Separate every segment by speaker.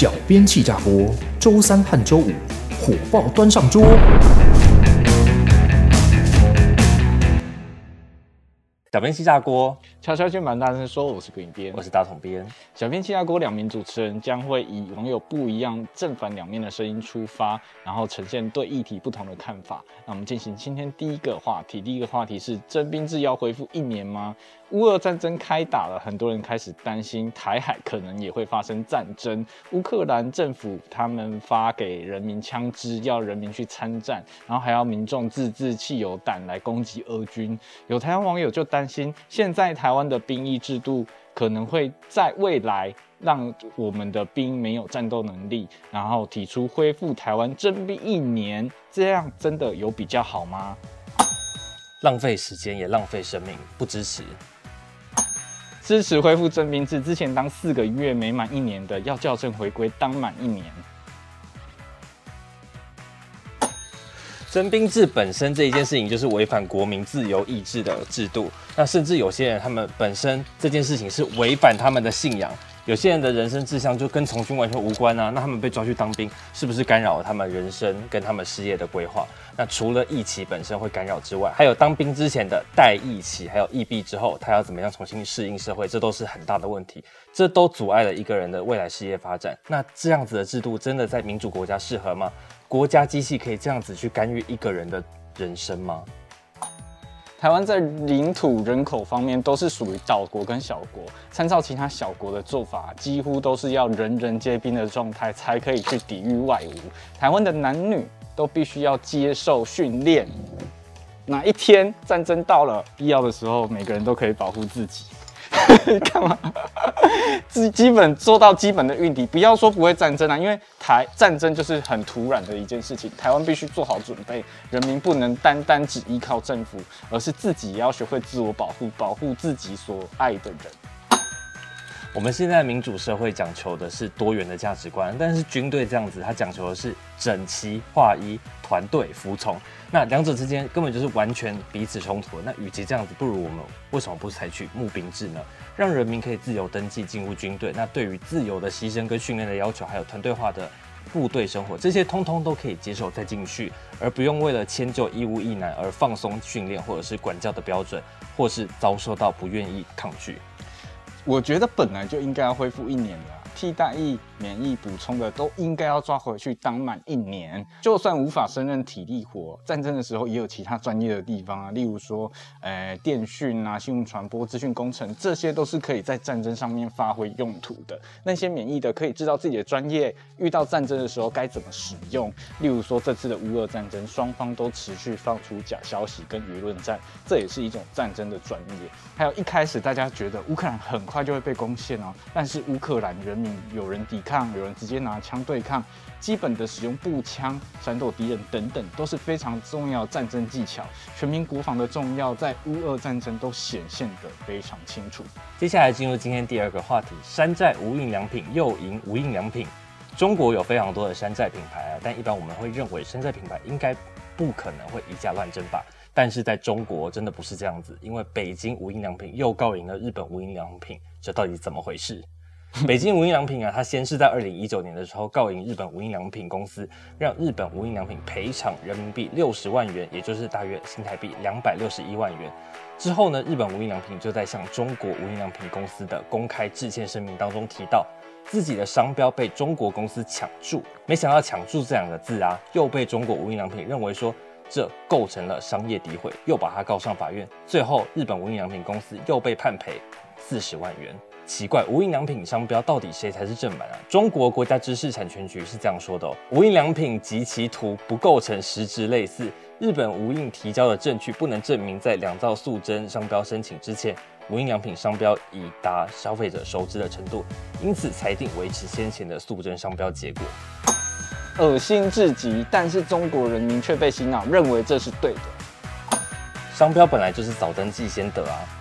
Speaker 1: 小編氣炸鍋，週三和週五火爆端上桌。
Speaker 2: 小編氣炸鍋。
Speaker 1: 悄悄卻蠻大聲說：“我是滾一編，我是打統編。小編氣炸鍋兩，名主持人將會以網友不一樣正反兩面的聲音出發，然後呈現對議題不同的看法。那我們進行今天第一個話題。第一個話題是徵兵制要恢復一年嗎？烏俄戰爭開打了，很多人開始擔心台海可能也會發生戰爭。烏克蘭政府他們發給人民槍支，要人民去參戰，然後還要民眾自制汽油彈來攻擊俄軍。有台灣網友就擔心，現在台灣。的兵役制度可能會在未來讓我們的兵沒有戰鬥能力，然後提出恢復台灣徵兵一年，這樣真的有比較好嗎？浪費時間也浪費生命，不支持。支持恢復徵兵制，之前當四個月，沒滿一年的，要校正回歸，當滿一年。
Speaker 2: 徵兵制本身這一件事情就是違反國民自由意志的制度，那甚至有些人他們本身這件事情是違反他們的信仰。有些人的人生志向就跟從軍完全無關啊，那他們被抓去當兵，是不是干擾了他們人生跟他們事業的規劃？那除了役期本身會干擾之外，還有當兵之前的待役期，還有役畢之後他要怎麼樣重新適應社會，這都是很大的問題，這都阻礙了一個人的未來事業發展。那這樣子的制度真的在民主國家適合嗎？國家機器可以這樣子去干預一個人的人生嗎？
Speaker 1: 台灣在領土、人口方面都是屬於島國跟小國，參照其他小國的做法，幾乎都是要人人皆兵的狀態才可以去抵禦外侮。台灣的男女都必須要接受訓練，哪一天戰爭到了，必要的時候，每個人都可以保護自己。幹 嘛？基基本做到基本的運抵，不要說不會戰爭啊，因為台，戰爭就是很突然的一件事情，台灣必須做好準備，人民不能單單只依靠政府，
Speaker 2: 而是自己也要學會自我保護，保護自己所愛的人。我們現在的民主社會講求的是多元的價值觀，但是軍隊這樣子，它講求的是整齊劃一、團隊服從。那兩者之間根本就是完全彼此衝突。那與其這樣子，不如我們為什麼不採取募兵制呢？讓人民可以自由登記進入軍隊。那對於自由的犧牲、跟訓練的要求，還有團隊化的部隊生活，這些通通都可以接受再進去，而不用為了遷就義務役男而放鬆訓練或者是管教的標準，或是遭受到不願意抗拒。我覺得
Speaker 1: 本來就應該要恢復一年的，啊，替代役。免疫補充的都應該要抓回去當滿一年，就算無法勝任體力活，戰爭的時候也有其他專業的地方啊。例如說，誒、呃，電訊啊、新聞傳播、資訊工程，這些都是可以在戰爭上面發揮用途的。那些免疫的可以知道自己的專業，遇到戰爭的時候該怎麼使用。例如說，這次的烏俄戰爭，雙方都持續放出假消息跟輿論戰，這也是一種戰爭的專業。還有，一開始大家覺得烏克蘭很快就會被攻陷哦，但是烏克蘭人民有人抵抗。有人直接拿槍對抗，基本的使用步槍、閃躲敵人等等都是非常重要戰爭技巧。全民國防的
Speaker 2: 重要在烏俄戰爭都顯現得非常清楚。接下來進入今天第二個話題，山寨無印良品又贏無印良品。中國有非常多的山寨品牌啊，但一般我們會認為山寨品牌應該不可能會以假亂真吧？但是在中國真的不是這樣子，因為北京無印良品又告贏了日本無印良品，這到底怎麼回事？北京無印良品啊，它先是在二零一九年的時候告贏日本無印良品公司，讓日本無印良品賠償人民幣六十萬元，也就是大約新台幣兩百六十一萬元。之後呢，日本無印良品就在向中國無印良品公司的公開致歉聲明當中提到，自己的商標被中國公司搶注。沒想到“搶注”這兩個字啊，又被中國無印良品認為說這構成了商業詆毀，又把它告上法院。最後，日本無印良品公司又被判賠四十萬元。奇怪，無印良品商標到底誰才是正版啊？中國國家知識產權局是這樣說的哦：無印良品及其圖不構成實質類似，日本無印提交的證據不能證明在兩造訴爭商標申請之前，無印良品商標已達消費者熟知的程度，因此裁定維持先前的訴爭商標結果。噁心至極，但是中國人民卻被洗腦認為這是對的。商標本來就是早登記先得啊。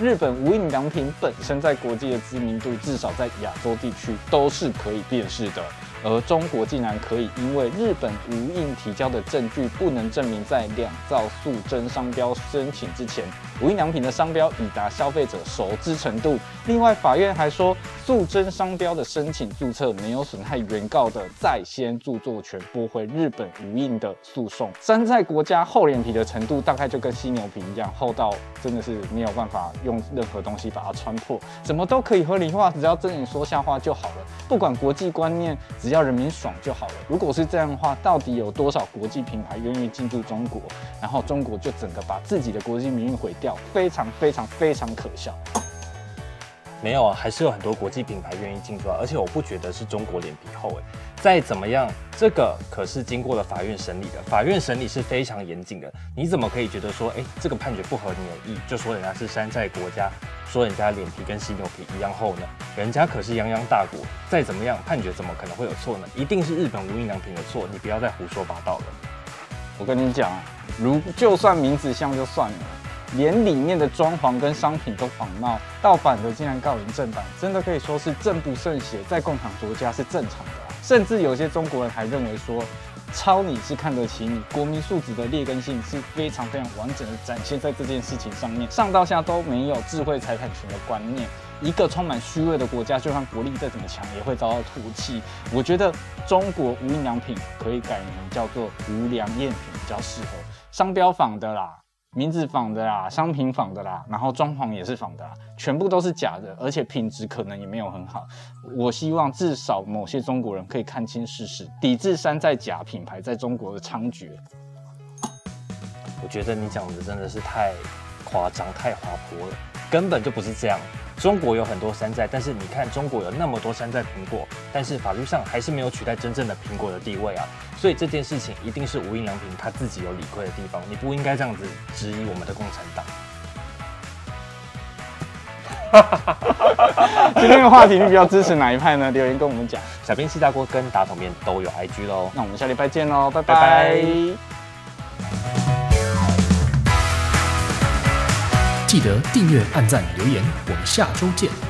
Speaker 1: 日本無印良品本身在國際的知名度，至少在亞洲地區都是可以辨識的，而中國竟然可以因為日本無印提交的證據不能證明在兩造訴爭商標申請之前，無印良品的商標已達消費者熟知程度。另外，法院還說。訴爭商標的申請註冊沒有損害原告的在先著作權，駁回日本無印的訴訟。山寨國家厚臉皮的程度大概就跟犀牛皮一樣厚到真的是沒有辦法用任何東西把它穿破，怎麼都可以合理化，只要睜眼說瞎話就好了。不管國際觀念，只要人民爽就好了。如果是這樣的話，到底有多少國際品牌願意進駐中國？然後中國就整個把自己的國際名譽毀掉，非常非常非常可笑。
Speaker 2: 沒有啊，還是有很多國際品牌願意進駐啊，而且我不覺得是中國臉皮厚哎，再怎麼樣，這個可是經過了法院審理的，法院審理是非常嚴謹的，你怎麼可以覺得說，哎，這個判決不合你的意，就說人家是山寨國家，說人家臉皮跟犀牛皮一樣厚呢？人家可是泱泱大國，再怎麼樣，判決怎麼可能會有錯呢？一定是日本無印良品的錯，你不要再胡說八道了。
Speaker 1: 我跟你講啊，如就算名字像就算了。連裡面的裝潢跟商品都仿冒，盜版的竟然告人正版，真的可以說是正不勝邪，在共產國家是正常的啦、啊。甚至有些中國人還認為說，抄你是看得起你，國民素質的劣根性是非常非常完整的展現在這件事情上面，上到下都沒有智慧財產權的觀念，一個充滿虛偽的國家，就算國力再怎麼強，也會遭到唾棄。我覺得中國無印良品可以改名叫做無良贗品比較適合，商標仿的啦。名字仿的啦，商品仿的啦，然後裝潢也是仿的啦，全部都是假的，而且品質可能也沒有很好。我希望至少某些中國人可以看清事實，抵制山寨假品牌在中國的猖獗。
Speaker 2: 我覺得你講的真的是太誇張、太滑坡了。根本就不是這樣。中國有很多山寨，但是你看中國有那麼多山寨蘋果，但是法律上還是沒有取代真正的蘋果的地位啊。所以這件事情一定是無印良品他自己有理虧的地方，你不應該這樣子質疑我們的共產黨。
Speaker 1: 今天的話題你比較支持哪一派呢？留言跟我們講。小編氣炸鍋跟打統編都有 IG 嘍，那我們下禮拜見嘍，拜拜。拜拜
Speaker 2: 記得訂閱、按讚、留言，我們下周見。